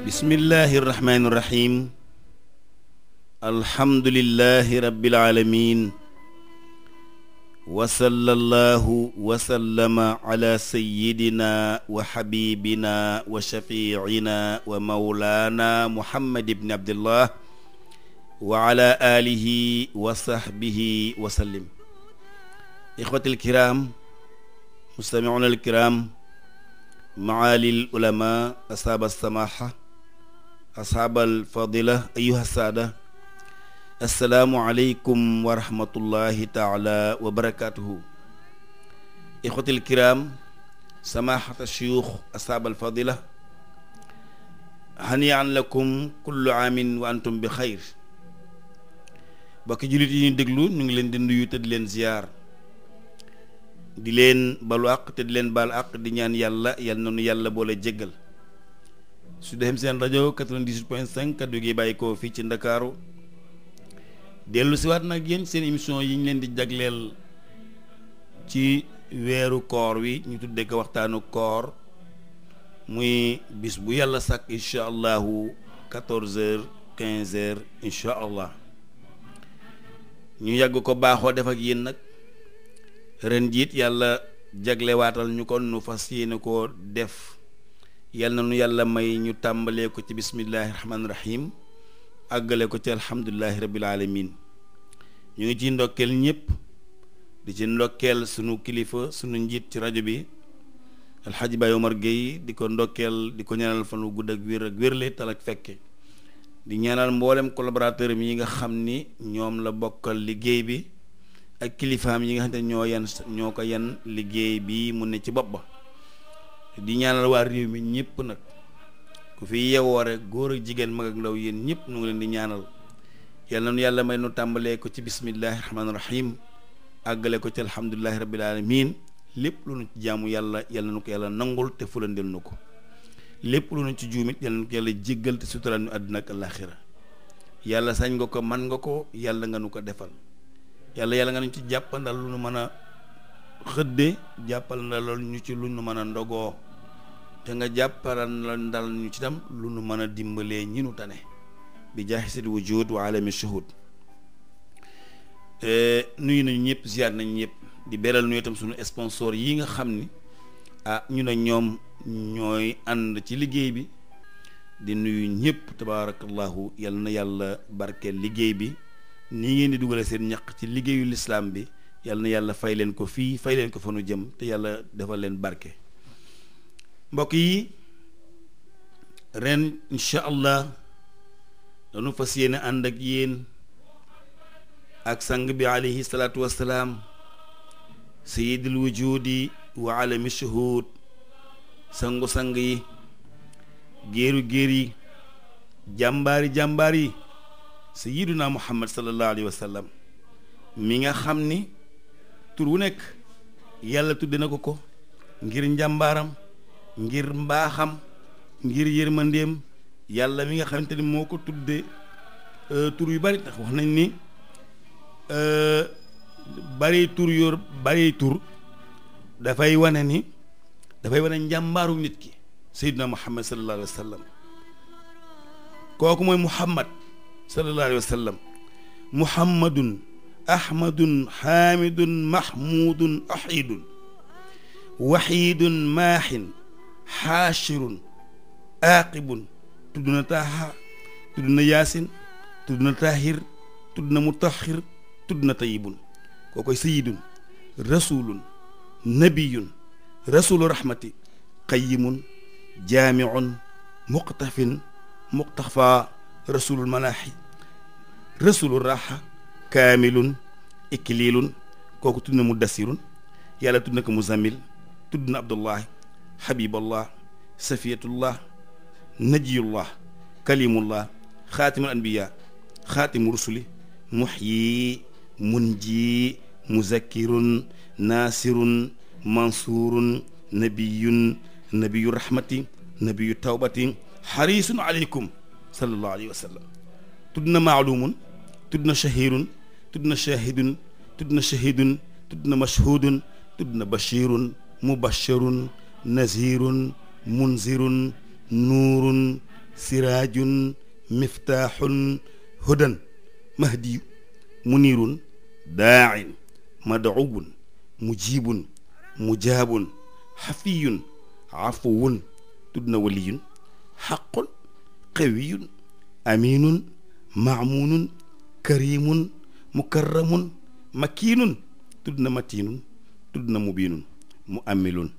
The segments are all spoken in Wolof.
bismillahi irrahmaani irrahim alhamdulilahi rabilalamin wasala allahu wasallama ala sayidina wa xabibina wa shafiina wa maulana muhammad ibni abdillah wa ala alihi wa sahbihi wa sallim ixwati alkiram mustamiuna alkiram maali alulama ashaab alsamaha asxaabal fadila ayuha saada asalaamualeykum wa rahmatullahi taala wa barakatuhu ixwatil kiram samahata shuyuux asxaabal fadila xaniyaan lakum kullu aamin wa antum bi xayr bokki jullit yi ñu déglu ñu ngi leen di nuyu te di leen ziyaar di leen balu àq te di leen baal àq di ñaan yàlla yal na nu yàlla boole jéggal Sud FM seen rajo 98.5 kaddu gi bàyyi ko fii ci ndakaaru dellu siwaat nag yéen seen émission yi ñu leen di jagleel ci weeru koor wi ñu tuddee ko waxtaanu koor muy bis bu yàlla sàkk incha allahu 14 heures incha allah ñu yàgg ko baaxoo def ak yéen nag ren jiit yàlla jaglewaatal ñu ko nu fas yéene koo def yal na nu yàlla may ñu tàmbalee ko ci bismillahi rahmaani rahim àggale ko ci alhamdulillahi rabbil alamin ñu ngi ciy ndokkeel ñëpp di ci ndokkeel sunu kilifa sunu njiit ci rajo bi alxaji Baye Omar Gueye di ko ndokkeel di ko ñaanal fan wu gudd ak wér ak wérle tal ak fekke di ñaanal mboolem collaborateur yi nga xam ni ñoom la bokkal liggéey bi ak kilifaam yi nga xam ñoo yan ñoo ko yan liggéey bii mu ne ci bopp ba di ñaanal waa réew mi ñëpp nag ku fi yewoo góor ak jigéen mag ak ndaw yéen ñëpp nu ngi leen di ñaanal yal na nu yàlla may nu tàmbalee ko ci bismillahi rahmaani rahim àggale ko ci alhamdulillahi rabbil alamin lépp lu nu ci jaamu yàlla yal na nu ko yàlla nangul te fulandel nu ko lépp lu nu ci juumit yal na nu ko yàlla jéggal te sutural àdduna ak alaxira yàlla sañ nga ko man nga ko yàlla nga nu ko defal yàlla yàlla nga nu ci jàppandal lu nu mën a xëdde jàppal na loolu ñu ci lu mën a ndogoo te nga jàpparan la ndal ñu ci tam lu nu mën a dimbalee ñi nu tane bi jaaxisit wujud wa alami te eh, nuyu nañu ñëpp ziar nañu ñëpp di beral nuyu itam suñu sponsor yi nga xam ni ah ñu ne ñoom ñooy ànd ci liggéey bi di nuyu ñëpp tabaarakallahu yal na yàlla barkeel liggéey bi nii ngeen di dugale seen ñaq ci liggéeyu lislaam bi yal na yàlla fay leen ko fii fay leen ko fa jëm te yàlla defal leen barke mbokk yi ren incha allah dañu fas yéene ànd ak yéen ak sang bi aleyhi salaatu wassalaam sayidul wujudi wa alami shuhud sangu-sang yi géeru géer yi jàmbaari jàmbaar yi sayiduna muhammad sallallahu alayhi wa mi nga xam ni tur wu nekk yàlla tudde na ko ko ngir njàmbaaram ngir mbaaxam ngir yërmandeem yàlla mi nga xamante ni moo ko tudde euh, tur yu bari tax wax nañ ni euh, bari tur yor bari tur dafay wane ni dafay wane njàmbaaru nit ki sayyidina muhammad sallallahu alayhi wa sallam kooku mooy muhammad sallallahu alayhi wa sallam muhammadun ahmadun xaamidun mahmudun ahidun wahidun maahin xaachirun aaqibun tudd na taaha tudd na yaasin tudd na taahir tudd na mutahir tudd na tayibun koo koy sayidun rasulun nabiyun rasulu rahmati qayimun jaamiun muqtafin muqtafa rasulul malaahi rasulul raha kaamilun ikliilun kooku tudd na mudassirun yàlla tudd na ko muzammil tudd na abdullahi xabiballah safiyatullah najiyullah kalimullah xaatimul anbiya xaatimu rusuli muxyi munji muzakkirun naasirun mansurun nabiyun nabiyu rahmati nabiyu tawbati xarisun aleykum sallallahu alayhi wa sallam tudd na maalumun tudd na shahirun tudd na shahidun tudd na shahidun tudd na mashhudun tudd na bashirun mubashirun nazirun munzirun nuurun siraajun miftaaxun hudan mahdiyu muniirun daacin madcuwun mujiibun mujaabun xafiyun cafuwun tudd na waliyun xaqun qawiyun aminun maamuunun karimun mukarramun makiinun tudd na matiinun tudd na mubiinun muammilun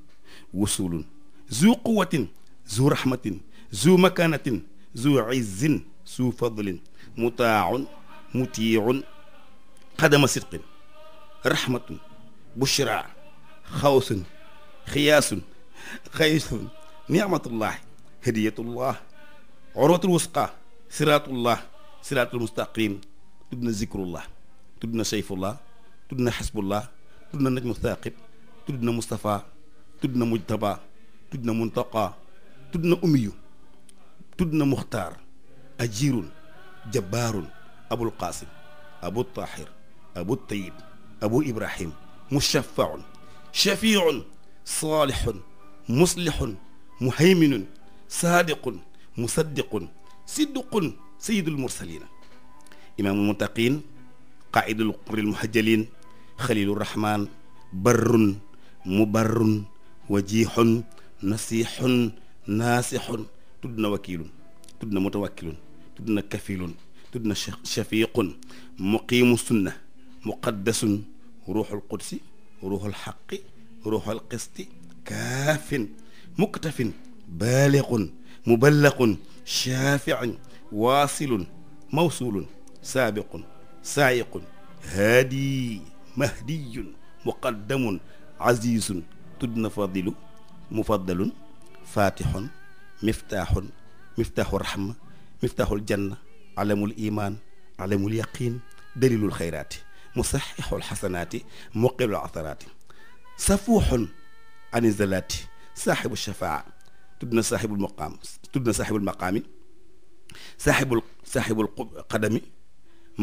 wusulun zu quwatin zu rahmatin zu makanatin zu izzin zu fadlin mutaaun mutiun qadama sidqin rahmatun bushra xawsun xiyaasun xaysun nicmatullah hadiyatullah urwatul wusqa siraatullah siraatul mustaqim tudd na zikrullah tudd na sayfullah tudd na xasbullah tudd na najmu thaqib tudd na mustapha tudd na mujtaba tudd na muntaqa tudd na umiyu tudd na muxtaar ajirun jabbaarun abul qaasim abu tahir abu tayib abu ibrahim mushaffaun shafiun saalihun muslihun muhayminun saadiqun musaddiqun siddiqun sayidul mursalina imaamul muttaqin qaidul qumril muhajjalin xalilur rahman barrun mubarrun wajiixun nasiixun naasixun tudd na wakiilun tudd na mutawakkilun tudd na kafiilun tudd na shafiiqun muqiimu sunna muqaddasun ruuxul qudsi ruuxul xaqi ruuxul qisti kaafin muktafin baaliqun muballaqun shaaficun waasilun mawsuulun saabiqun saayiqun haadi mahdiyun muqaddamun azizun tudd na fadilu mufaddalun fatihun miftaaxun miftaaxu rahma miftaaxul janna alamul iman alamul yaqin dalilul xayraati musaxixul xasanaati muqilul asaraati safuuxun ani zalaati saaxibu shafaa tudd na saaxibul maqaam tudd na saaxibul maqaami saaxibul saaxibul qadami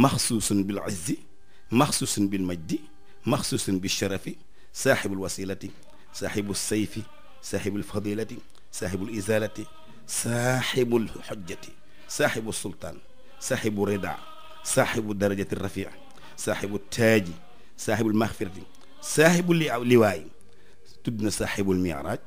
maxsuusun bil izzi maxsuusun bil majdi maxsuusun bi sharafi saaxibul wasilati saaxibu sayfi saaxibul fadilati saaxibul izalati saaxibul xojjati saaxibu sultaan saaxibu rida saaxibu darajati rafia saaxibu taaji saaxibul maxfirati saaxibu li liwaay tudd na saaxibul miraaj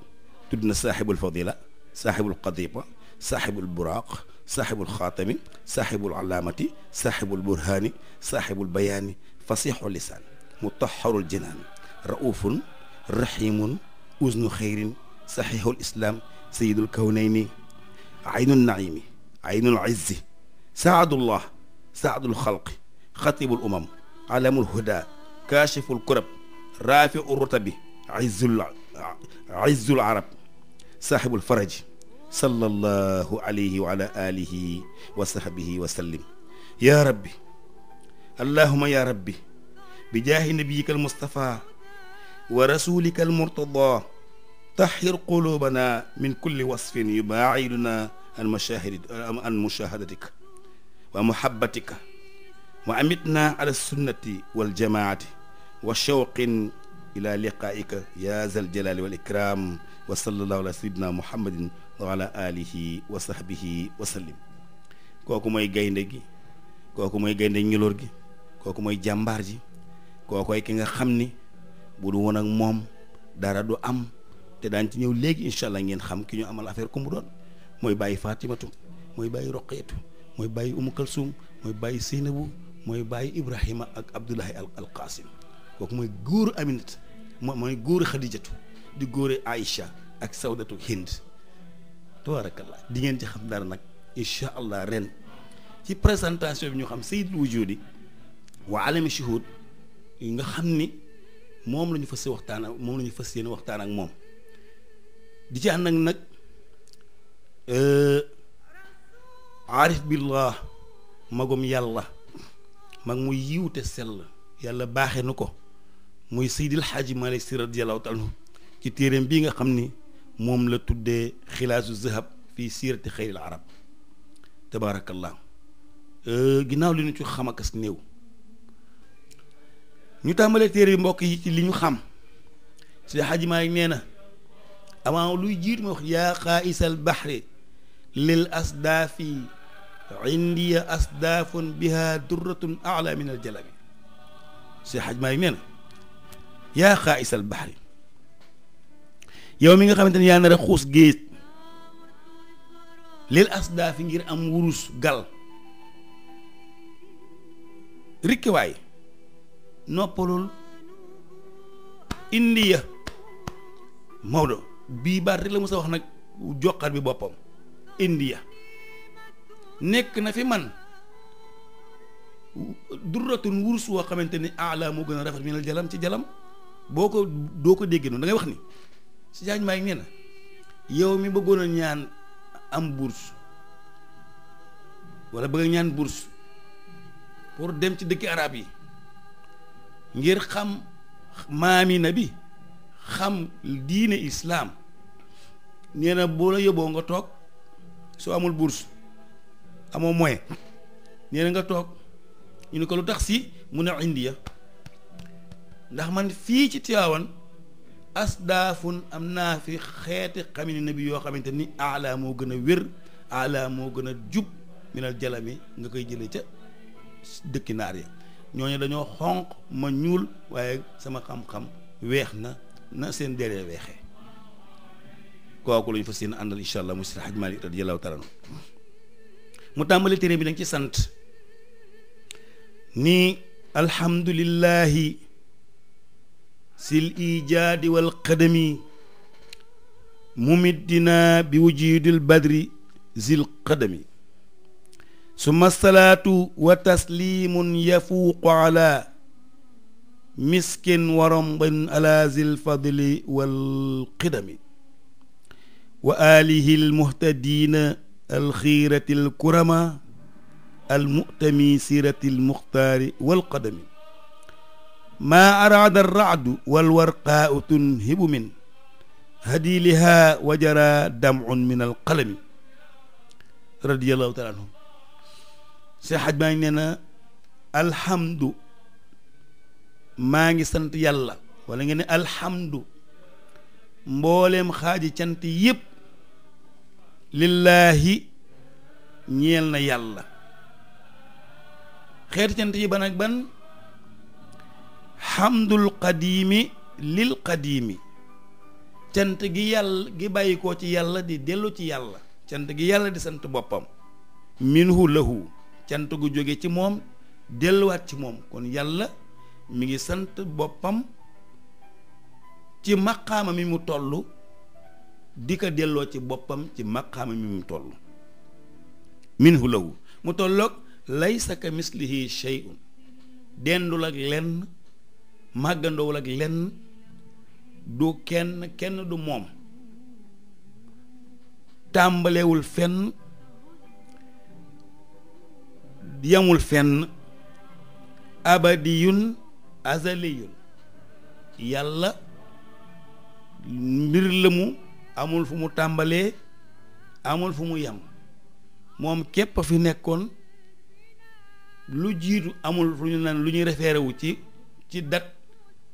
tudd na saaxibul fadila saaxibul qadiba saaxibul buraaq saaxibul xaatami saaxibul alaamati saaxibul burhaani saaxibul bayaani fasiixu lisaan mutaxarul jinaan raufun rahimun usnu xayrin saxiixul islaam sayidul kawnayni aynu naimi aynu lizzi saadullah saadul xalqi xatibul umam alamul huda kaashiful kurab raafiu rutabi izzul izzul arab saaxibul faraji sallallahu alayhi wa ala alihi wa sahbihi wa sallim yaa rabbi allahuma yaa rabbi bi jaahi nabiyika almustafa wa rasulika almurtada tahir qulubana min kulli wasfin yubaiduna an mashahidi an mushahadatika wa muhabbatika wa amitna ala sunnati waljamaati wa shawqin ila liqaika ya zal jalali wal ikram wa sallallahu ala sayidina muhammadin wa ala alihi wa sahbihi wa sallim kooku mooy gaynde gi kooku mooy gaynde ñuloor gi kooku mooy jàmbaar ji kooku ay ki nga xam ni bu du woon ak moom dara du am te daan ci ñëw léegi incha allah ngeen xam ki ñu amal affaire ku mu doon mooy bàyyi Fatimatu mooy bàyyi Roqeetu mooy bàyyi Umu Kalsum mooy bàyyi Seynabu mooy bàyyi Ibrahima ak Abdullahi al al Qaasim kooku mooy góor Aminata moom mooy góoru Xadijatu di góore Aïcha ak Sawdatu Hind tabarakallah di ngeen ci xam dara nag incha allah ren ci présentation bi ñu xam Sayyidul Wujudi wa alami nga xam ni. moom la ñu fas waxtaan ak moom la ñu fas yéene waxtaan ak moom di ci nag ak nag euh, aarif billah magum yàlla mag muy yiw te sell yàlla baaxe nu ko muy seydil xaaji Maalik Si radiyallahu taala ci téeréem bii nga xam ni moom la tuddee xilaasu zahab fii siirati xayril arab tabaarakallah euh, ginnaaw li nu ci xam néew ñu tàmbalee téere mbokk yi ci li ñu xam si xaj Maalik nee na avant luy jiit ma wax yaa xaa'isal baxri lil asdaafi biha durratun ala min al jalabi si xaj Maalik nee na yaa xaa'isal baxri yow mi nga xamante ne yaa nar a xuus géej lil asdaafi ngir am wurus gal rikkiwaay noppalul indi ya Maodo bii baat rek la mos wax nag joxar bi boppam indi nekk na fi man durratun wurus woo xamante ni ala moo gën a rafet minal jalam ci jalam boo ko doo ko déggee noonu da wax ni si jaañ maa ngi yow mi bëggoon ñaan am bourse wala bëgg a ñaan bourse pour dem ci dëkki arab yi ngir xam maami bi xam diine islaam nee na boo la yóbboo nga toog soo amul bourse amoo moyen nee nga toog ñu ne ko lu tax si mu ne indiya ndax man fii ci Tiwaawan asdaafun am naa fi xeeti xami bi yoo xamante ni ala moo gën a wér ala moo gën a jub minal jalami nga koy jële ca dëkki naar ya ñooñu dañoo xonq ma ñuul waaye sama xam-xam weex na na seen deree weexee kooku lañu fa seen àndal incha allah mu Seydi Hajji tàmbali téere bi dañ ci sant ni alhamdulillahi si ijaadi wal qadami mumiddina bi wujudil badri zil qadami summa salaatu wa tasliimun yafuuqu ala miskin wa rombin ala zil fadli wal qidami wa aalihi almuhtadiina alxiirati alkurama almutami sirati almuxtaari walqadami maa araada alracdu walwarqaau tunhibu min hadiilihaa wa jara damcun min alqalami radiallahu taala anhum si xaj maa ngi nee na alhamdu maa ngi sant yàlla wala nga ne alhamdu mbooleem xaaji cant yépp lillaahi ñeel na yàlla xeeti cant yi ban ak ban xamdul qadiimi lil qadiimi cant gi yàlla gi bàyyi ci yàlla di dellu ci yàlla cant gi yàlla di sant boppam minhu lahu cant gu jóge ci moom delluwaat ci moom kon yàlla mi ngi sant boppam ci maqaama mi mu toll di ko delloo ci boppam ci maqaama mi mu toll minhu lahu mu tolloog laysa ka mislihi shay'un dendul ak lenn màggandoowul ak lenn du kenn kenn du moom tàmbalewul fenn yamul fenn abadiyun azaliyun yàlla mbir la mu amul fu mu tàmbalee amul fu mu yem moom képp a fi nekkoon lu jiitu amul lu naan lu ñuy référé wu ci ci dat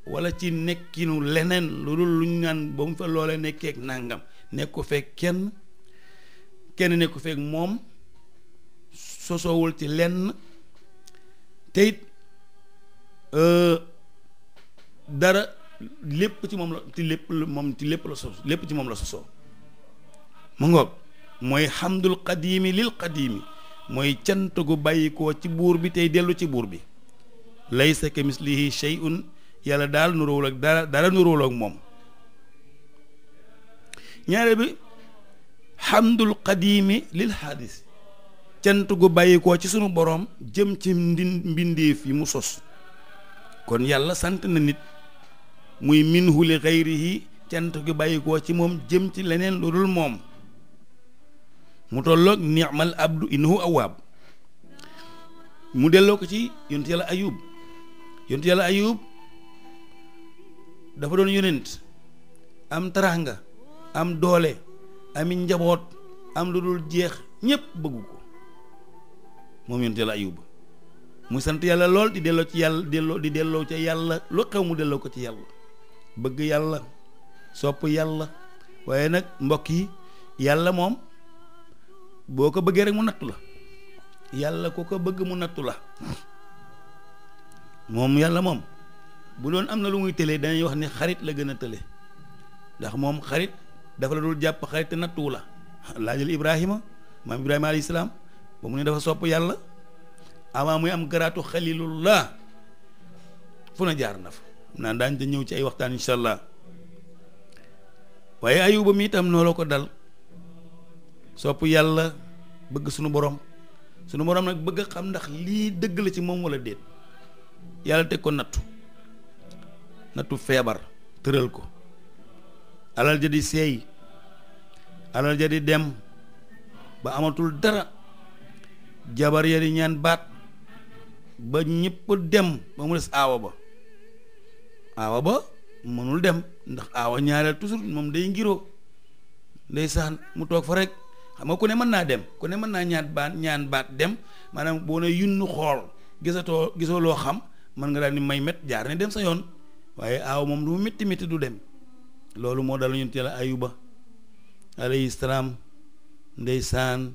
wala ci nekkinu leneen lu dul lu ñu naan ba mu fa loolee nekkeek nàngam nekku fekk kenn kenn nekku fekk moom sosowul ci lenn te it euh, dara lépp ci moom la ci lépp moom ci lépp la sos lépp ci moom la sosoo mu mooy xamdul qadiimi lil qadiimi mooy cant gu bàyyikoo ci buur bi tey dellu ci buur bi laysa ka mislihi shay'un yàlla daal nuróowul ak dara dara nuróowul ak moom ñaare bi xamdul qadiimi lil xaadis cant gu bàyyikoo ci sunu boroom jëm ci mbindeef yi mu sos kon yàlla sant na nit muy minhu li yi cant gu bàyyikoo ci moom jëm ci leneen lu dul moom mu tolloog ni'mal abdu innahu awaab mu delloo ko ci yonent yàlla ayuub yonent yàlla ayub dafa doon yonent am taraanga am doole ami njaboot am lu dul jeex ñépp bëgg ko moom yonent yàlla ayub mu sant yàlla lool di delloo ci yàlla delloo di delloo ca yàlla lu xew mu delloo ko ci yàlla bëgg yàlla sopp yàlla waaye nag mbokk yi yàlla moom boo ko bëggee rek mu nattu la yàlla ku ko bëgg mu nattu la moom yàlla moom bu doon am na lu muy tëlee dañuy wax ni xarit la gën a tële ndax moom xarit dafa la dul jàpp xarit te nattuwu la laajal Ibrahima maam Ibrahima alayhi salaam ba mu ne dafa sopp yàlla avant muy am garaatu xalilullah fu na jaar na fa naan daañ da ñëw ci ay waxtaan insha allah waaye ayuba mi itam noo la ko dal sopp yàlla bëgg sunu boroom sunu borom nag bëgg a xam ndax lii dëgg la ci moom walla déet yàlla teg ko nattu nattu feebar tëral ko alal ja di seey alal ja di dem ba amatul dara jabar ya ñaan baat ba ñëpp dem ba mu des aawa ba aawa ba mënul dem ndax aawa ñaareel toujours moom day ngiro ngiroo saan mu toog fa rek xam nga ku ne mën naa dem ku ne mën naa ñaan baat ñaan baat dem maanaam boo ne yunnu xool gisatoo gisoo loo xam mën nga daal ni may met jaar ne dem sa yoon waaye aaw moom lu mu métti métti du dem loolu moo dal ñun teel ayuba alayhi salaam ndeysaan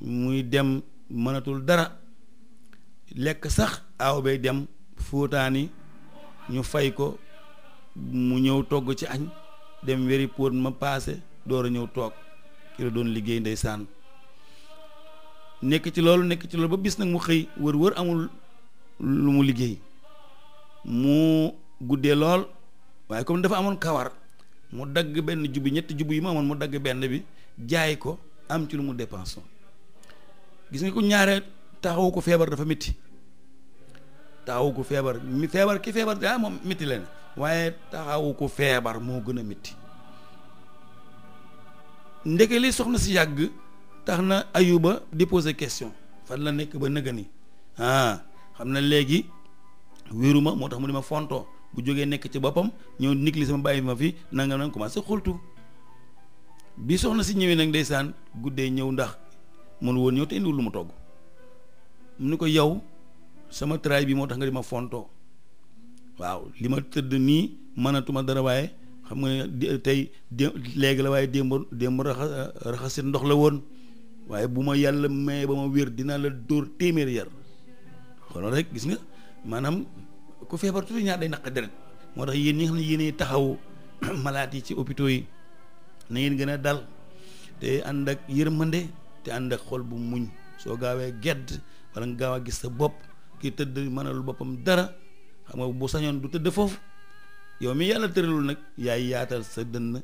muy dem mënatul dara lekk sax aaw bay dem fóotaani ñu fay ko mu ñëw togg ci añ dem wéri póot ma paase door a ñëw toog ki la doon liggéey ndeysaan nekk ci loolu nekk ci loolu ba bis nag mu xëy wër wër amul lu mu liggéey mu guddee lool waaye comme dafa amoon kawar mu dagg benn jubbi ñetti jubbi yi mu amoon mu dagg benn bi jaay ko am ci lu mu dépense gis nga ku ñaare taxawu ko feebar dafa métti taxawu ko feebar mi feebar ki feebar daa ah, moom métti leen waaye taxawu ko feebar moo gën a métti ndeke li soxna si yàgg tax na ayuba di poser question fan la nekk ba nëga ni ah xam na léegi wéruma moo tax mu di ma fonto bu jógee nekk ci boppam ñëw nit li sama bàyyi ma fi nanga nanga commencé xultu bi soxna si ñëwee nag ndeysaan guddee ñëw ndax mënu woon ñëw te indiwul lu mu togg mu ni ko yow sama tëraay bi moo tax nga di ma fontoo waaw li ma tëdd nii mënatuma dara waaye xam nga ne tey dé léegi la waaye démb démb raxa raxasit ndox la woon waaye bu ma yàlla maye ba ma wér dinaa la dóor téeméer yar xoolal rek gis nga maanaam ku feebar tuuti ñaar day naq deret moo tax yéen ñi nga xam ne yéenay taxaw malaat yi ci hôpitaux yi na ngeen gën a dal te ànd ak yërmande te ànd ak xol bu muñ soo gaawee gedd wala nga gaaw a gis sa bopp kii tëdd mënalul boppam dara xam nga bu sañoon du tëdd foofu yow mi yàlla tëralul nag yaay yaatal sa dënn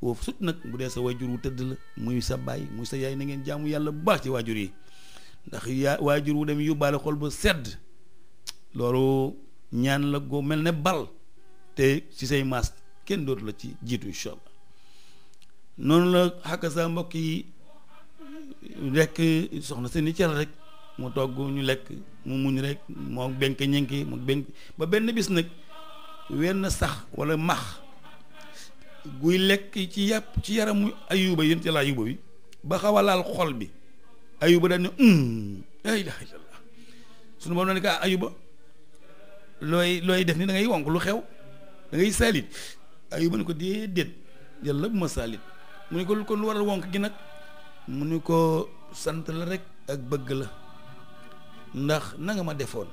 foofu sut nag bu dee sa waajur wu tëdd la muy sa baay muy sa yaay na ngeen jaamu yàlla bu baax ci waajur yi ndax yaa waajur wu dem yóbbaale xol bu sedd loolu ñaan la goo mel ne bal te ci say maas kenn dootu la ci jiitu incha noonu la xàkk sa mbokk yi lekk soxna seen i cere rek mu togg ñu lekk mu muñ rek moo benk ñenki mu benk ba benn bis nag wenn sax walla max guy lekk ci yàpp ci yaramu ayuba yéen ci la ayuba ba xaw a laal xol bi ayuba daal ne la ilaha ah, looy looy def ni da wonk lu xew da ngay saalit ayuba ne ko déedéet yàlla bu ma saalit mu ne ko kon lu waral wonk gi nag mu ni ko sant la rek ak bëgg la ndax na nga ma defoon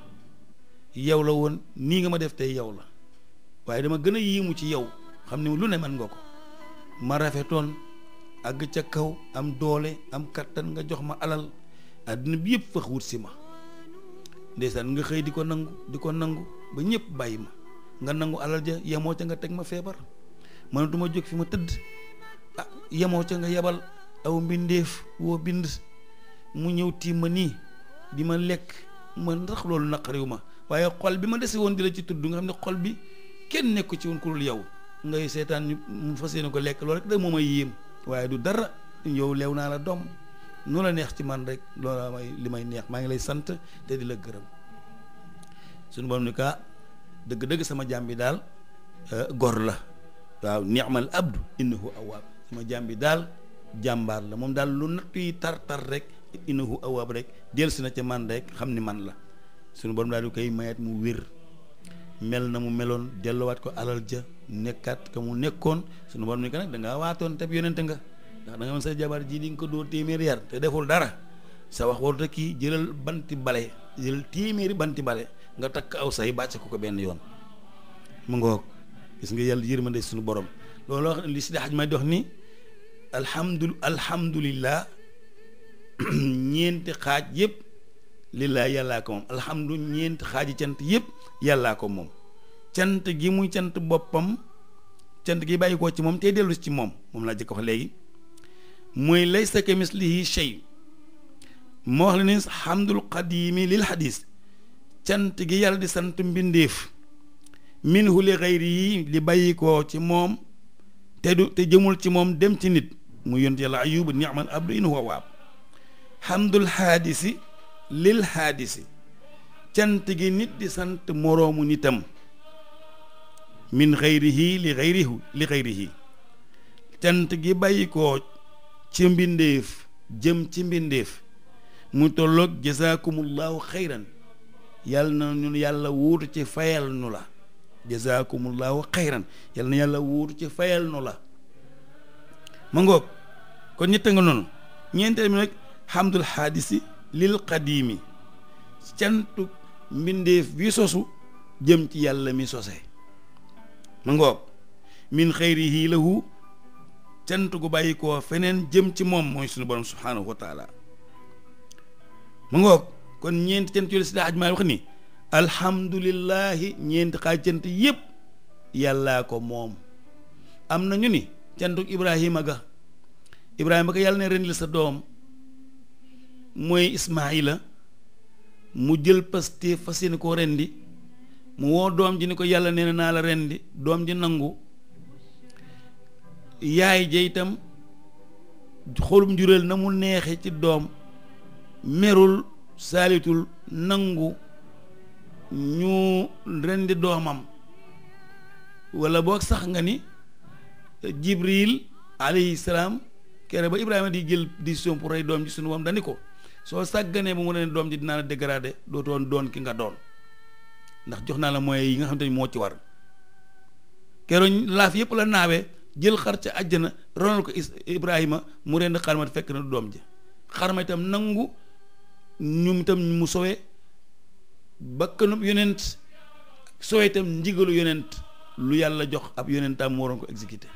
yow la woon nii nga ma def tey yow la waaye dama gën a yiimu ci yow xam ne lu ne man nga ko ma rafetoon àgg ca kaw am doole am kàttan nga jox ma alal àddina bi yëpp fëx wut si ma ndeysaan nga xëy di ko nangu di ko nangu ba ñépp bàyyi ma nga nangu alal ja yemoo ca nga teg ma feebar mënatuma jóg fi ma tëdd ah yemoo ca nga yebal aw mbindeef woo bind mu ñëw tii ma nii di ma lekk ma ndax loolu naqariw ma waaye xol bi ma dese woon di la ci tudd nga xam ne xol bi kenn nekku ci woon ku dul yow ngay seetaan mu fas yéene ko lekk loolu rek da moo may yéem waaye du dara yow leew naa la doom nu la neex ci man rek loola may li may neex maa ngi lay sant te di la gërëm suñu borom ni ka ah, dëgg-dëgg sama jaam bi daal eh, gor la waaw ni'mal abdu innahu awwaab sama jaam bi daal jàmbaar la moom daal lu nattu yi tar-tar rek innahu awaab rek dellusi na ca man rek xam ni man la suñu borom daal di koy mayaat mu wér mel na mu meloon delluwaat ko alal ja nekkaat ka mu nekkoon sunu borom ni ko nag da ngaa waatoon te yonente nga ndax da mën sa jabar jii di nga ko dóor téeméeri yar te deful dara sa wax warut a kii jëlal banti bale jëlal téeméeri banti bale nga takk aw say bàcc ko ko benn yoon mu ngoog gis nga yàlla yërmande suñu borom alhamdu alhamdulillah ñeenti xaaj yëpp lillaa yàllaa ko moom alhamdu ñeenti xaaji cant yëpp yàllaa ko moom cant gi muy cant boppam cant gi bàyyi ko ci moom tey dellusi ci moom moom laa jëkk wax léegi mooy laysa ka mislihi shay moo wax la ni hamdul qadimi lil hadis cant gi yàlla di sant mbindéef minhu li xayri yi di bàyyi ko ci moom te du te jëmul ci moom dem ci nit mu yont yàlla ayuba niaman abdu in huwa waab xamdul xaadisi lil xaadisi cant gi nit di sant moroomu nitam min xayrihi li xayrihu li xayrihi cant gi bàyyi ko ci mbindéef jëm ci mbindéef mu tolloog jazaakumullaahu xayran yàlla na ñun yàlla wuutu ci fayal nu la jazaakumullaahu xayran yàlla na yàlla wuutu ci fayal nu la ma ngoog kon ñett nga noonu ñeenteel mi nag hamdul haadisi lil qadiimi cantu mbindeef bi sosu jëm ci yàlla mi sose ma ngoog min xayrihi lahu cant bàyyi koo feneen jëm ci moom mooy suñu borom subhaanahu wa ma ngoog kon ñeenti cant yooyu si daa ajmaa wax ni alhamdulillahi ñeenti xaaj cant yépp yàllaa ko moom am na ñu ni cantuk ibrahima ga ibrahima ko yàlla ne rendil sa doom mooy ismaila mu jël paste fas yéene koo rendi mu woo doom ji ni ko yàlla nee na naa la rendi doom ji nangu yaay ja itam xolum njuréel na mu neexe ci doom merul saalitul nangu ñu rendi doomam walla boo sax nga ni jibril alayhi salaam kere ba Ibrahima di jël décision pour rey doom ji suñu wam dani ko soo sàgganee ba mu ne doom ji dinaa la dégradé dootoon doon ki nga doon ndax jox naa la mooy yi nga xam te moo ci war keroog laaf yëpp la naawe jël xar ca àjjana ronal ko Ibrahima mu rend xarma fekk na doom ji xarma itam nangu ñum itam mu ba bakkanub yonent sowee itam njigalu yonent lu yàlla jox ab yonentam mu waroon ko exécuté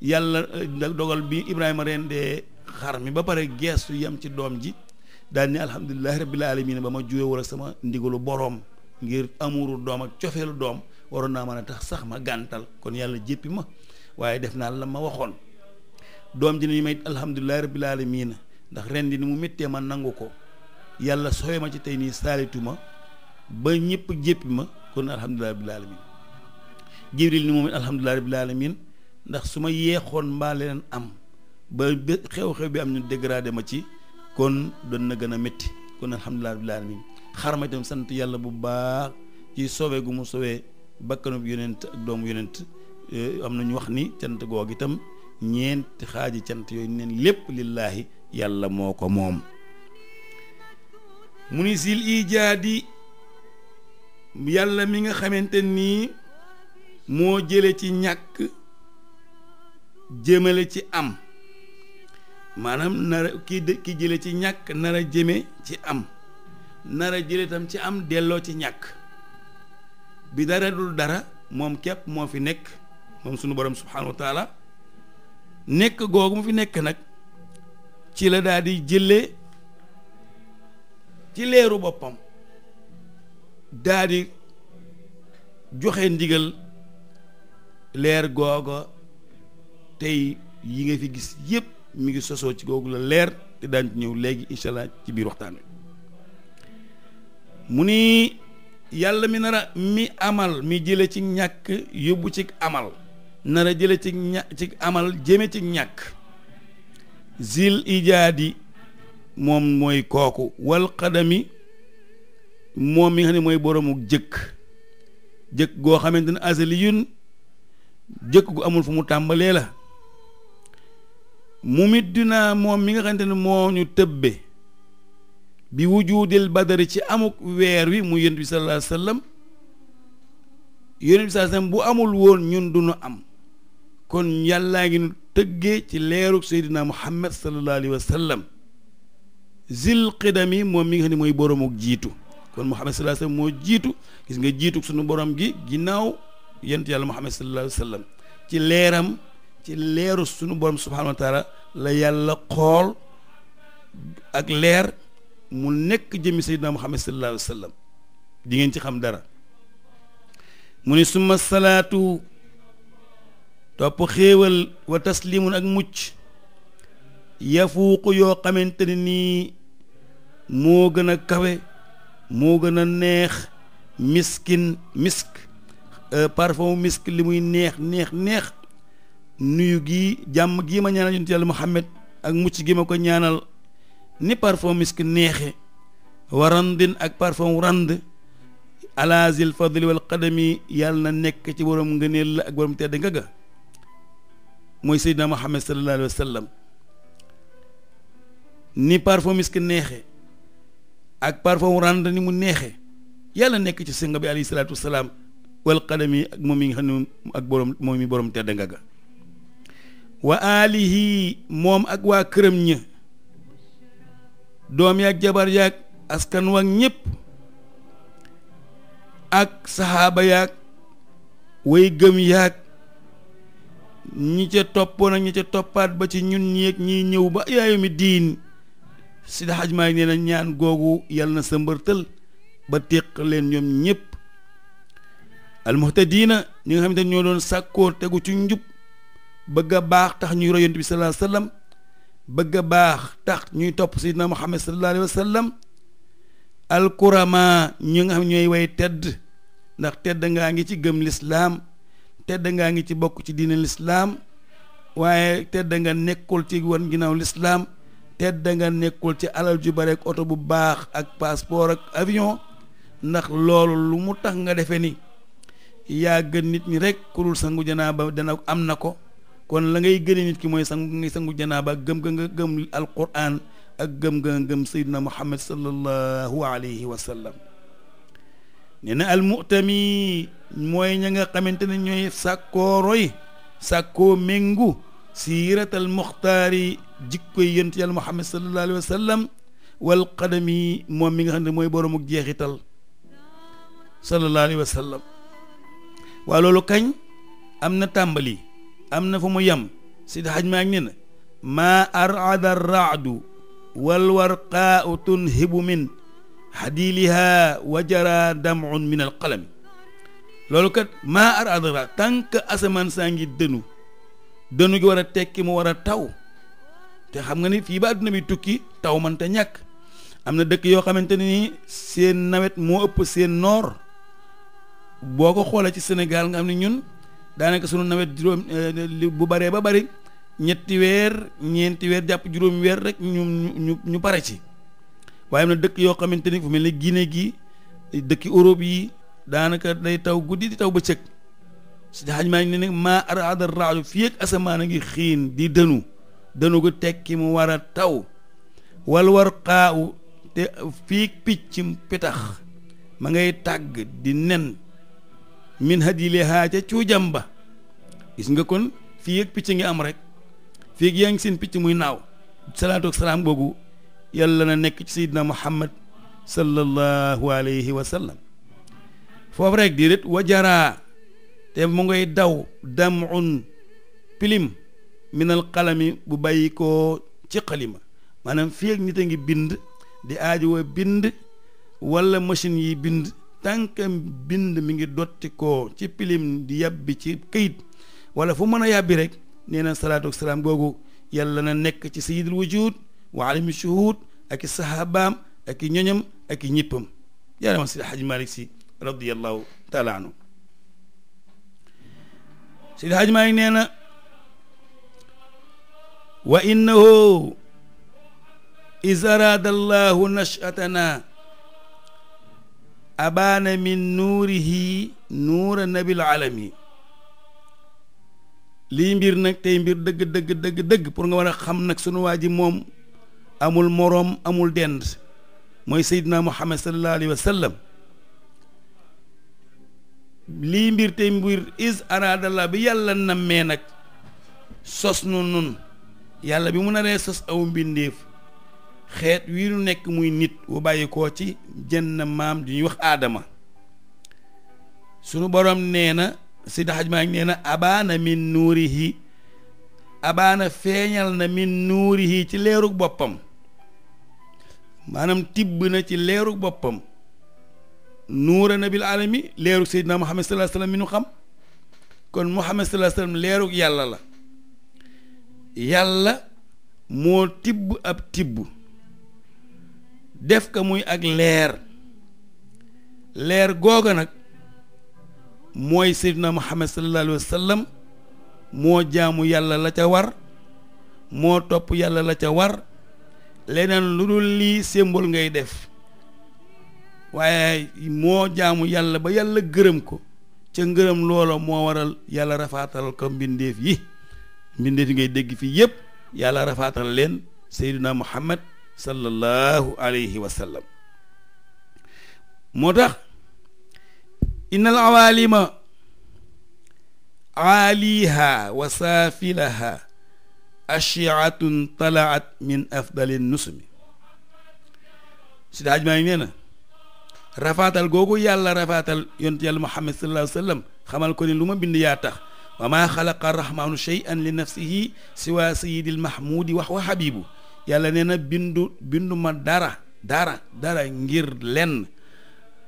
yàlla eh, dogal bi Ibrahima rendee xar mi ba pare geestu yam ci doom ji daal ni alhamdulilahi rabbil alamin ba ma juyewul ak sama ndigalu boroom ngir amuru doom ak cofeelu doom waroon naa mën a tax sax ma gàntal kon yàlla jéppi ma waaye def naa la ma waxoon doom ji ni may alhamdulilahi rabbil alamin ndax ren ni mu mettee ma nangu ko yàlla sooy ma ci tey nii saalitu ma ba ñëpp jéppi ma kon alhamdulilahi rabbil alamin jibril ni alamin ndax su ma yeexoon mbaa leneen am ba xew-xew bi am ñu dégradé ma ci kon doon na gën a metti kon alhamdulilah rabbil alamin xar ma itam sant yàlla bu baax ci soowee gu mu soowee bakkanub yonent ak doomu yonent am na ñu wax ni cant goog itam ñeenti xaaji cant yooyu neen lépp lillaahi yàlla moo ko moom mu ni sil ijaadi yàlla mi nga xamante nii moo jële ci ñàkk jëmale ci am maanaam nara ki ki jële ci ñàkk nara jëme ci am nara jële tam ci am delloo ci ñàkk bi dara dul dara moom képp moo fi nekk moom sunu borom subhaanahu wa nekk googu mu fi nekk nag ci la daldi jële ci leeru boppam daal joxe ndigal leer googa tey yi nga fi gis yëpp mi ngi sosoo ci googu la leer te daañu ñëw léegi incha allah ci biir waxtaan wi mu ni yàlla mi nar mi amal mi jële ci ñàkk yóbbu ci amal nar a jële ci ñàkk ci amal jëme ci ñàkk zil ijaadi moom mooy kooku wal xadami moom mi nga xam ne mooy boroomu jëkk jëkk goo xamante ne asali yun jëkk gu amul fu mu tàmbalee la mu mit dina moom mi nga xamante ne moo ñu tëbbe bi wujudil badari ci amuk weer wi mu yonent bi sallallahu alayhi wasallam bi sallallahu alayhi bu amul woon ñun du ñu am kon yàllaa ngi nu tëggee ci leeruk seydina muhammad sallallahu alayhi wasallam zil qidami moom mi nga xam mooy boromuk jiitu kon muhammad sallallahu alayhi moo jiitu gis nga jiitu suñu borom gi ginnaaw yonent yàlla muhammad sallallahu alayhi ci leeram ci leeru sunu borom subhaanahu wa taala la yàlla xool ak leer mu nekk jëmmi sayyidina muhammad sallallahu alayhi wa ci xam dara mu ni summa salaatu topp xéewal wa taslimun ak mucc yafuuqu yoo xamante ne nii moo gën a kawe moo gën a neex miskin misk euh, parfum misk li muy neex neex neex nuyu gii jàmm gii ma ñaanal yonent yàlla Muhammad ak mucc gi ma ko ñaanal ni parfum misk neexe wa randin ak parfum rand alazil fadli wal qadami yàlla na nekk ci borom ngëneel la ak borom tedd nga ga mooy seydina Muhammad sallallahu alayhi ni parfum misk neexe ak parfum rand ni mu neexe yàlla nekk ci sënga bi alayhi salaatu wasalaam wal qadami ak moom yi nga xam ne ak borom moom mi borom tedd nga ga wa alihi moom ak waa këram ña doom yi ak jabar yaag askan waag ñépp ak saxaaba yaag way gëm yaag ñi ca toppoon ak ñi ca toppaat ba ci ñun ñeeg ñiy ñëw ba yaayumi diin si daxaj maa na ñaan googu yàlla na sa mbërtël ba téq leen ñoom ñépp almuhtadiina ñi nga xamante ñoo doon sàkkoor tegu ci njub bëgg baax tax ñuy roy yonent bi sallallahu a baax tax ñuy topp sayyidina Muhammad sallallahu alayhi wa sallam alkurama ñu nga xam ñooy way tedd ndax tedd ngaa ngi ci gëm lislaam tedd ngaa ngi ci bokk ci diine lislaam waaye tedd nga nekkul ci wan ginnaaw lislaam tedd nga nekkul ci alal ju bare oto bu baax ak passeport ak avion ndax loolu lu mu tax nga defe ni yaa gën nit ñi rek ku dul sangu janaa ba dana am na ko kon la ngay gënee nit ki mooy sangu ngay sangu janaaba ak gëm ga nga gëm ak gëm ga nga gëm sayyidina muhammad sallallahu alayhi wa sallam nee na almutami mooy ña nga xamante ne ñooy sàkkoo roy sàkkoo méngu siiratal muxtaari jikkoy yent yàlla muhammad sallallahu alayhi wa sallam wal qadami moom mi nga xam ne mooy boroom ak jeexital sallallahu alayhi wa sallam waa loolu kañ am na tàmbali am na fu mu yem sid xaj maag ne na maa arada raadu walwarqaau tunhibu min xadiiliha wajara damcun min alqalami loolu kat maa arada raadu tànk asamaan saa ngi dënu dënu gi war a tekki mu war a taw te xam nga ni fii ba àdduna bi tukki taw man te ñàkk am na dëkk yoo xamante ne nii seen nawet moo ëpp seen noor boo ko xoolee ci senegal nga xam ne ñun daanaka sunu nawet juróom eh, bu baree ba bari ñetti weer ñeenti weer jàpp juróom weer rek ñu ñu ñu pare ci waaye am na dëkk yoo xamante ni fu mel ne gi dëkki Europe yi daanaka day taw guddi di taw bëccëg si xaj maa ngi ne nag maa araada raaju fii ak asamaan a ngi xiin di dënu dënu gu tekki mu war a taw wal war xaaw te fii piccim pitax ma ngay tàgg di nen min hadi lihaa ca cuujam ba gis nga kon fii yëg picc ngi am rek fii yaa ngi seen picc muy naaw salaatu ak salaam googu yàlla na nekk ci sayyidina muhammad sallallahu alayhi wa sallam foofu rek di ret wajaraa te mu ngay daw damun pilim minal xalami bu bàyyi koo ci xalima maanaam fii ak nit a ngi bind di aajowoo bind wala machine yi bind tànk bind mi ngi dotti ko ci pilim di yàbbi ci këyit wala fu mën a yàbbi rek nee na salaatu ak salaam googu yàlla na nekk ci sayidul wujud wa alimi shuhud ak sahabaam ak i ñoñam ak i ñippam yàlla ma si Xaaji Malik si radiallahu taala anhu si Xaaji Malik nee na wa innahu is araada allahu nashatana abaana min nuurihi nuura nabil alami lii mbir nag tey mbir dëgg dëgg dëgg dëgg pour nga war a xam nag sunu waa ji moom amul moroom amul dend mooy seydina muhammad sallallahu alayhi wa lii mbir tey mbir is aradallah bi yàlla nammee nag sos nu nun yàlla bi mu naree sos aw mbindeef xeet wii nu nekk muy nit wu bàyyi koo ci jenn maam di ñuy wax aadama sunu borom neena na si daxaj maa ngi nee na abaana min abaana feeñal na min nuurihi ci leerug boppam maanaam tibb na ci leerug boppam nuura nabil alami leerug seydina muhammad sallallahu alayhi wasallam mi nu xam kon muhammad sallallahu alayhi wasallam yàlla la yàlla moo tibb ab tibb def ko muy ak leer leer googa nag mooy seydina muhammad sallallahu alayhi wa moo jaamu yàlla la ca war moo topp yàlla la ca war leneen lu dul lii symbole ngay def waaye moo jaamu yàlla ba yàlla gërëm ko ca ngërëm loola moo waral yàlla rafaatal ko mbindeef yi mbindeef yi ngay dégg fii yépp yàlla rafaatal leen seydina muhammad sallallahu alayhi wa sallam moo tax innal awaalima aaliha wa saafilaha ashiatun talaat min afdali nusumi si daaj maa ngi nee na rafaatal googu yàlla rafaatal yont yàlla muhammad sallallahu alayhi wa sallam xamal ko ni lu ma bind yaa tax wa maa xalaqa rahmaanu shay'an li nafsihi siwa sayidil mahmuudi wax wa xabibu yàlla nee na bindu bindu ma dara dara dara ngir lenn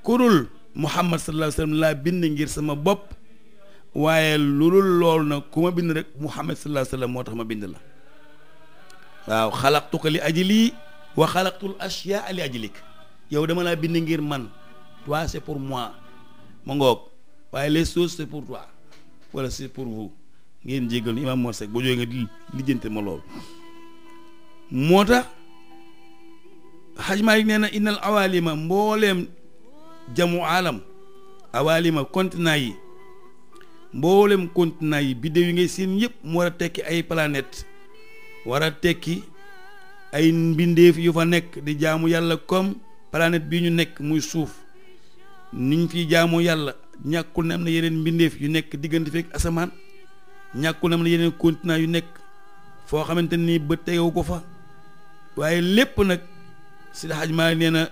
kurul muhammad sallallahu alayhi wa sallam laa bind ngir sama bopp waaye lulul lool na ku ma bind rek muhammad sallallahu alayhi wa moo tax ma bind la waaw xalaqtuka li ajli wa xalaqtul ashyaa li ajlik yow dama laa bind ngir man toi c'est pour moi ma ngoog waaye les choses c'est pour toi wala c'est pour vous ngeen jégal ni imaam Mor Seck boo jógee nga lijjante ma lool moo tax xaj Haj yi nee na indal awaalima mbooleem jamu alam awaalima continent yi mboolem continent yi biddéew yi ngay seen yëpp mu war a tekki ay planète war a tekki ay mbindeef yu fa nekk di jaamu yàlla comme planète bi ñu nekk muy suuf niñ fi jaamu yàlla ñàkkul ne na yeneen mbindeef yu nekk diggante fekk asamaan ñàkkul ne na yeneen continent yu nekk foo xamante ni ba tegewu ko fa waaye lépp nag si xaj maa nee na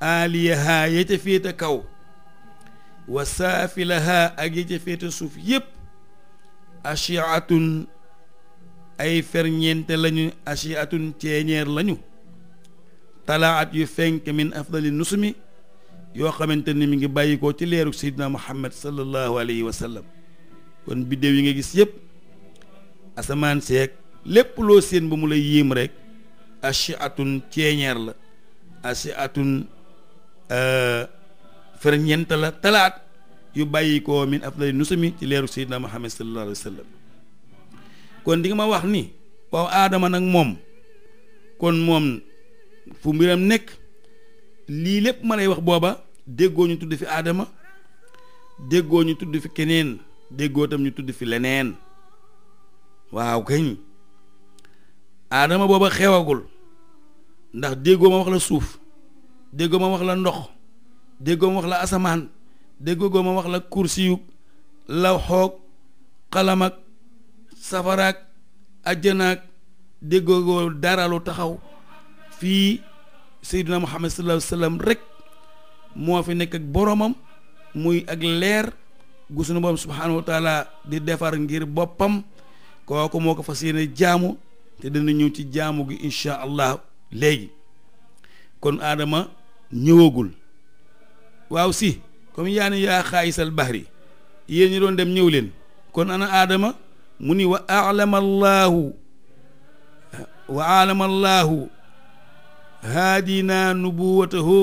aaliyahaa féete kaw wa saafilahaa ak ya féete suuf yépp ashiatun ay ferñeente lañu talaat yu fenk xamante ni mi ngi bàyyi ci leerug seydina muhammad sallallahu alayhi yi nga gis yépp asamaan seeg lépp loo séen ba mu lay yéem rek achi atun ceeñeer la achi atun euh, ferñeent la talaat yu bàyyi ko min afdali nusumi ci leeru sayyidina Muhammad sallallahu alayhi wa sallam kon di nga ma wax ni waaw aadama nag moom kon moom fu mbiram nekk lii lépp ma lay wax booba déggoo ñu tudd fi aadama déggoo ñu tudd fi keneen déggoo tam ñu tudd fi leneen waaw kañ aadama booba xewagul ndax déggoo ma wax la suuf déggoo ma wax la ndox déggoo ma wax la asamaan déggoo ma wax la kursiyug lawxoog xalamak safaraak ajjanaak déggoo dara taxaw fii seydina muhammad sallallahu alayhi wa rek moo fi nekk ak boromam muy ak leer gu sunu borom subhaanahu wa taala di defar ngir boppam kooku moo ko fas yéene jaamu te dana ñëw ci jaamu gi incha allah léegi kon aadama ñëwagul waaw si comme yaa ni yaa xaayisal bahri yéen ñi doon dem ñëw leen kon ana aadama mu ni wa alama allaahu wa alama allaahu haadina nubuwatahu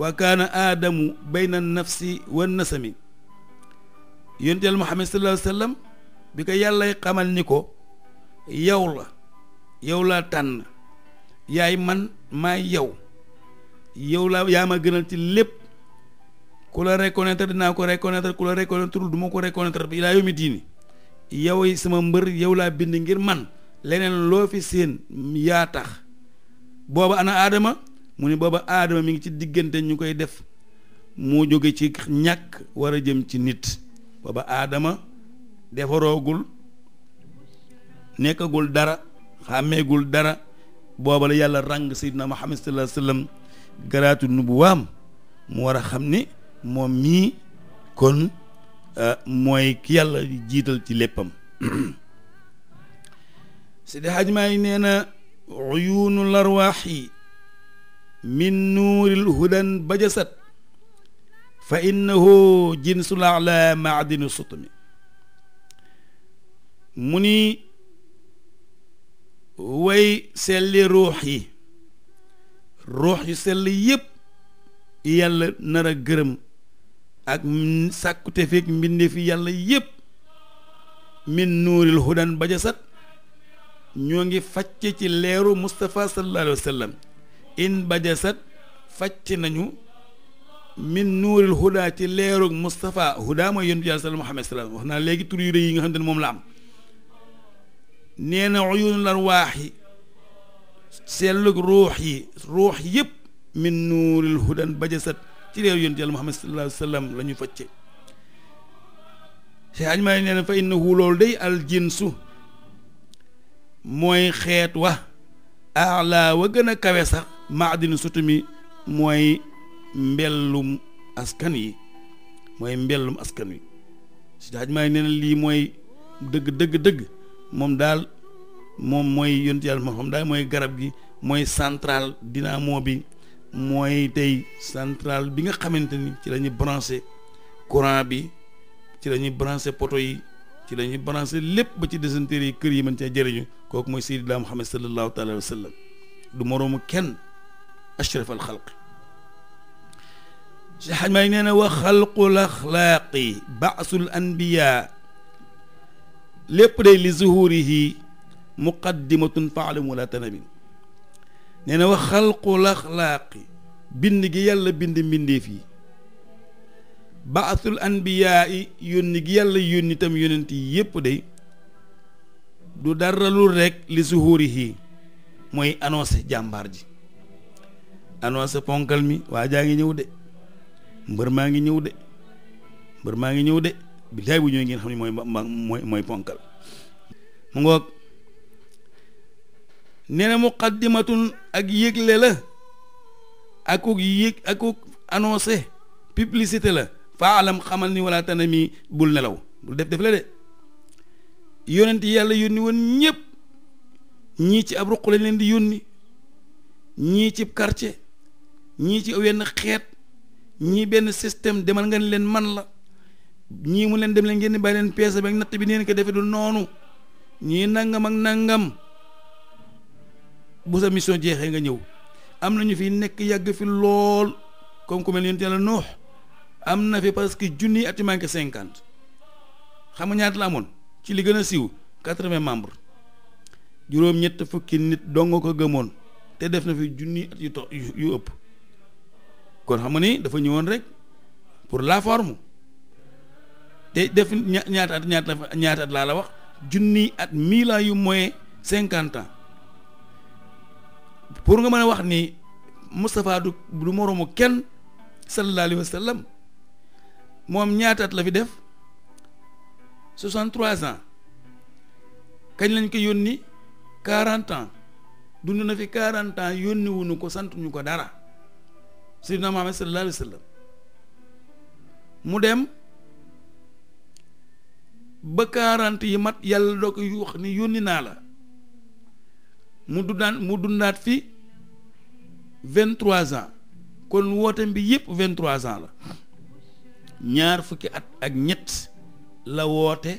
wa kaana aadamu bayna nafsi wa nasami yonenteel muhammad sallallahu alayhi bi ko yàllay xamal ni ko yow la yow laa tànn yaay man maay yow yow laa yaa ma gënal ci lépp ku la reconnaître dinaa ko reconnaître ku la reconnaître duma ko reconnaître bi laa mi diini yow sama mbër yow laa bind ngir man leneen loo fi seen yaa tax booba ana aadama mu ne booba aadama mi ngi ci diggante ñu koy def moo jóge ci ñàkk war a jëm ci nit booba aadama defaroogul nekkagul dara xàmmeegul dara booba la yàlla ràng sayyidina Muhammad sallallahu alayhi wasallam garaatu nubuwaam mu war a xam ni moom mii kon euh, mooy ki yàlla jiital ci léppam Seydi Hajji Maalik nee na uyuunul arwaaxi min nuuril hudan bajasat fa innahu jinsul ala maadinu sutmi mu ni way selli ruux yi ruux yu sell yépp yàlla nara gërëm ak sàkkute feeg mbindeef yi yàlla yépp min nuuril hudan ba ja ñoo ngi facce ci leeru mustafa sallallahu alayhi wa sallam in bajasat facc nañu min nuuril huda ci leeru Moustapha huda mooy yonent yàlla sallallahu alayhi wa wax naa léegi tur yu rëy yi nga xam ne moom la am nee na uyunul arwaax yi seetlug ruux yi ruux yëpp min nuuril hudan bajasat ci réew yonent yàlla muhammad sallallahu alayhi wa sallam la ñu fëcce Cheikh Ajmali nee na fa innahu loolu day al jinsu mooy xeet wa laa wa gën a kawe sax maadinu sutumi mooy mbellum askan yi mooy mbellum askan yi Cheikh Ajmali nee na lii mooy dëgg dëgg dëgg moom daal moom mooy yonent yàlla Muhammad daal mooy garab gi mooy centrale dynamo bi mooy tey centrale bi nga xamante ni ci la ñuy branché courant bi ci la ñuy branché poto yi ci lañuy ñuy lépp ba ci desanteer yi kër yi mën cee jëriñu kooku mooy Seydina Muhammad sallallahu taala wa sallam du moroomu kenn ashraf al xalq si xaj may nee na wa xalqul axlaaqi baasul anbiyaa lépp day li zuhurihi muqaddimatun faalam wala tanabi nee na wax xalqul axlaaqi bind gi yàlla bind mbindeef yi baatul anbiyaa yi yónni gi yàlla yónni itam yónent yi yépp day du dara lu rekk li zuhurihi mooy annoncé jàmbaar ji annoncé ponkal mi waa jaa ngi ñëw de mbër maa ngi ñëw de mbër maa ngi ñëw de billaay bu ñëwee ngeen xam ne mooy mooy mooy ponkal mu ngoog nee na ak yëgle la akuk yëg akuk annoncé publicité la faa alam xamal ni wala tanami bul nelaw bul def def la de yonent yàlla yónni woon ñëpp ñii ci ab ruq lañ leen di yónni ñii ci quartier ñii ci wenn xeet ñii benn système demal nga ni leen man la ñii mu leen dem leen ngeen bàyyi leen peese bi ak natt bi neen ko defe du noonu ñii nangam ak nangam bu sa mission jeexee nga ñëw am na ñu fi nekk yàgg fi lool comme ku mel ni yonent Yàlla Nuux am na fi parce que junni at yu manqué cinquante xam nga ñaata la amoon ci li gën a siiw quatre-vingts membres juróom-ñett fukki nit dong ko gëmoon te def na fi junni yu ëpp kon xam ni dafa ñëwoon rek pour la forme. te def ñaata at laa la wax junni at mii yu moyen cinquante ans pour nga mën wax ni Moustapha du du moroomu kenn sallallahu alayhi moom ñaata at la fi def soixante trois ans kañ lañ ko yónni quarante ans dund na fi quarante ans yónni wuñu ko sant ñu ko dara sayyidina Muhammad sallallahu alayhi wa sallam mu dem ba quarante yi mat yàlla doo ko wax ni yónni naa la mu dundaan mu dundaat fi vingt trois ans kon wooteem bi yëpp vingt trois ans la ñaar fukki at ak ñett la woote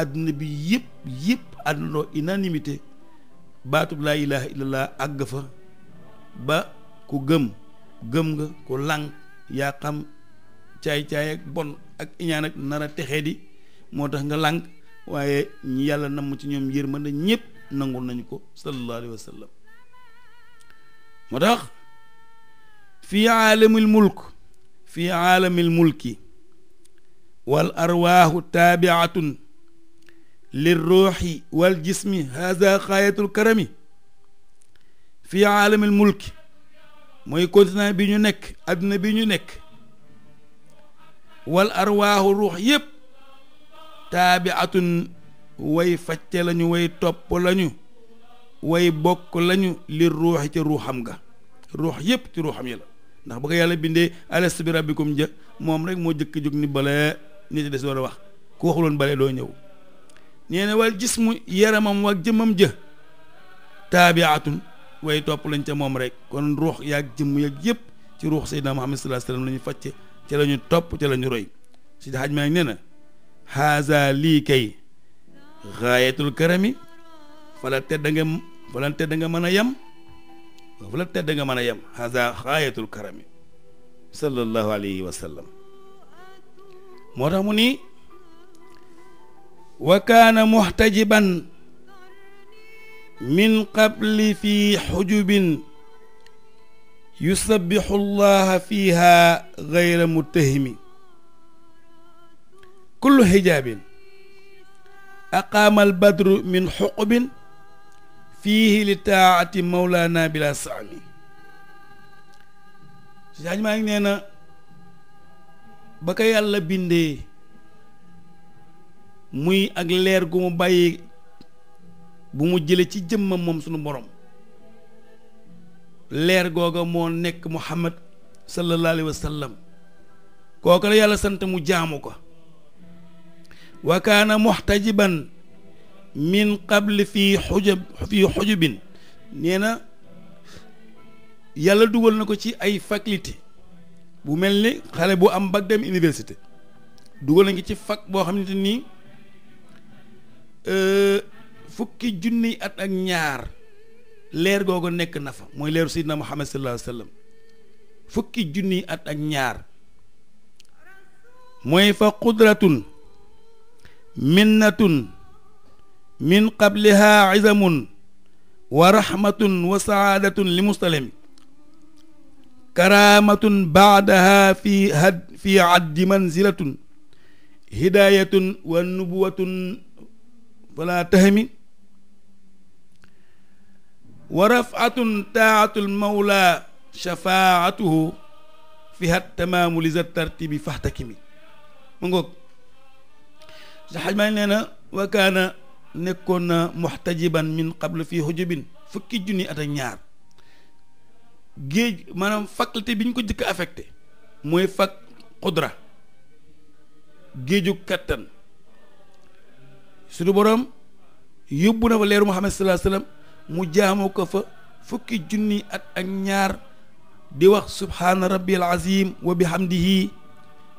àdduna bi yëpp yëpp àndandoo unanimité baatub laa ilaha illallah àgg fa ba ku gëm gëm nga ku lànk yaa xam caay-caay ak bon ak iñaan ak nar a texee di moo tax nga lànk waaye ñi yàlla namm ci ñoom yërmande ñëpp nangul nañu ko sallallahu alayhi moo tax fii aalamil mulk fii aalamil mulki wal arwaaxu taabiatun lil ruuxi wal jismi haza xaayatul karami fii aalamil mulki mooy continent bi ñu nekk adduna bi ñu nekk wal arwaaxu ruux yépp taabiatun way faj facce lañu way topp lañu way bokk lañu li ruuxi ci ruuxam nga ruux yépp ci ruuxam yi la ndax bu ko yàlla bindee alastu bi rabbikum ja moom rek moo jëkk jóg ni bale ni ci des war a wax ku waxuloon bale doo ñëw nee na jismu yaramam wak jëmmam jë taabiatun way topp lañ ca moom rek kon ruux yaag jëmm yaag yépp ci ruux sayyidina Muhammad sallallahu alayhi wasallam la ñu facce ci la ñu topp ci la ñu roy si daxaj maa ngi nee na haza lii kay xaayatul karami fala tedd nga fala tedd nga mën a yem fala tedd nga mën a yem haza xaayatul karami sallallahu alayhi wa sallam moo tax mu ni wa kaana muxtajiban min qabli fi xujubin yusabbixu allaha fiha gayra muttahimi kullu xijaabin aqaama al badru min xuqubin fiihi li taati mawlaana bila saami sidaaj maa ngi nee na ba ko yàlla bindee muy ak leer gu mu bàyyi bu mu jële ci jëmmam moom sunu borom leer googa moo nekk muhammad sallallahu alayhi wa la yàlla sant mu jaamu ko wakaana kaana muxtajiban min qable fii xujub fii xujubin nee na yàlla dugal na ko ci ay faculté bu mel ni xale bu am bac dem université dugal nañ ko ci fac boo xamante ni euh, fukki junni at ak ñaar leer googu nekk na fa mooy leeru sayyidina Muhammad sallallahu alayhi fukki junni at ak ñaar mooy fa qudratun minnatun min qabliha izamun wa rahmatun wa saadatun li mustalim karaamatun baadaha fi had fi addi manzilatun hidaayatun wa nubuwatun fala tahmi wa rafatun taatul mawla shafaatuhu fiha tamaamu li za tartibi faxtakimi mu ngoog sa xaj maa nee na wa kaana nekkoon na muxtajiban min qabl fii hujubin fukki junni at ak ñaar géej maanaam faculté bi ñu ko jëkk affecté mooy fac xudra géeju kattan suñu boroom yóbbu na fa leeru Muhammad sallallahu alayhi mu jaamoo ko fa fukki junni at ak ñaar di wax subhaana rabbil azim wa bihamdihi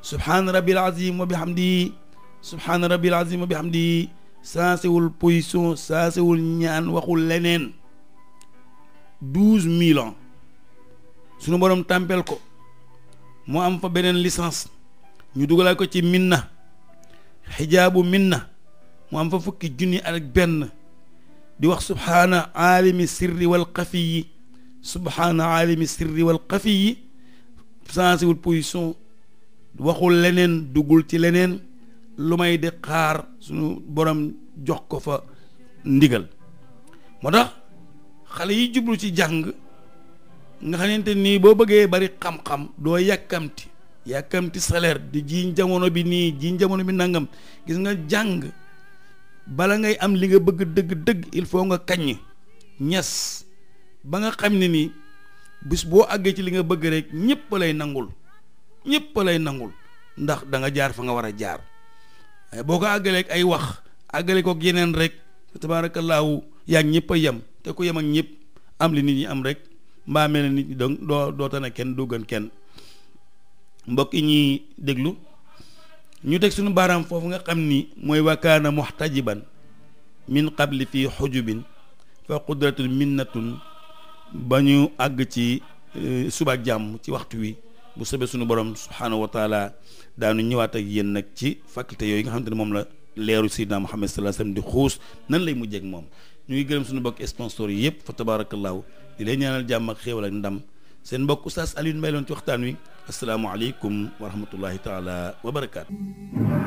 subhaana rabbil azim wa bihamdihi subhaana rabbil azim bi hamdi saasewul position saasewul ñaan waxul leneen douze mille ans sunu borom tàmpel ko mu am fa beneen lissance ñu dugalaat ko ci minna xijaabu minna mu am fa fukki junni ak benn di wax subhaana aalimi sirri wal xafiyi subhaana aalimi sirri wal xafiyi saasewul position waxul leneen duggul ci leneen lu may di xaar suñu borom jox ko fa ndigal moo tax xale yi jublu ci jàng nga xamante nii boo bëggee bari xam-xam doo yàkkamti yàkkamti saleer di jiiñ jamono bi nii jiiñ jamono bi nangam gis nga jàng bala ngay am li nga bëgg dëgg-dëgg il faut nga kañ ñas ba nga xam ne nii bis boo àggee ci li nga bëgg rek ñëpp lay nangul ñëpp lay nangul ndax danga jaar fa nga war a jaar waaye eh, boo ko àggaleeg ay wax àggale kook yeneen rek tabaarakallaahu yaa ngi ñëpp a yem te ku yem ak ñëpp am li nit ñi am rek mbaa mel ne nit ñi donc doo doo na kenn doo gën kenn mbokk yi ñuy déglu ñu teg suñu baaraam foofu nga xam ni mooy wa wax muxtajiban min qabli fi xujubin fa qudratun minnatun ba ñu àgg ci eh, suba ak jàmm ci waxtu wi bu soobee suñu borom subhaanahu wa taala daanu ñëwaat ak yéen nag ci faculté yooyu nga xamante ne moom la leeru sidna Muhammad sallallahu alayhi wasallam di xuus nan lay mujjeek moom ñu ngi gërëm suñu bokk sponsor yi yëpp fa tabaarakallaahu di lay ñaanal jàmm ak xéewal ak ndam seen mbokk Oustaz Alioune Mbaye loon ci waxtaan wi asalaamualeykum wa rahmatullahi taala wa